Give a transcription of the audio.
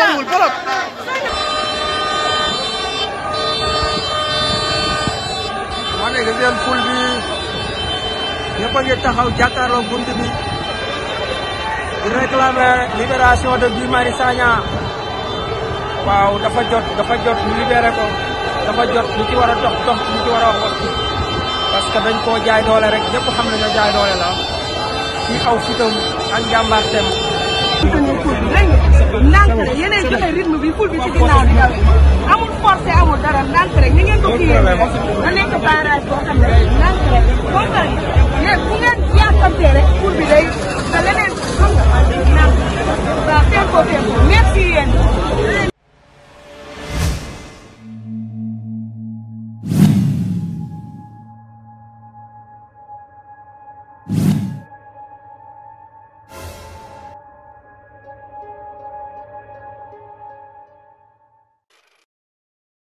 soriwul trop. moo nekk seen ful bi ñëpp a ngi taxaw jàkkaarloo bunt bi di réclamer libération de Guy Marius Sagna waaw dafa jot dafa jot ñu libéré ko dafa jot ñu ci war dox dox ñu ci war wax wax que dañ koo jaay doole rek ñëpp xam nañu jaay doole la ci aw fitam ak njàmbaarteem. ndànk rek yéen a jëlee rythme bi ful bi ci ginnaaw di daw amul forcé amul dara ndànk rek ni ngeen ko kii da nekk barrage boo xam ne ndànk rek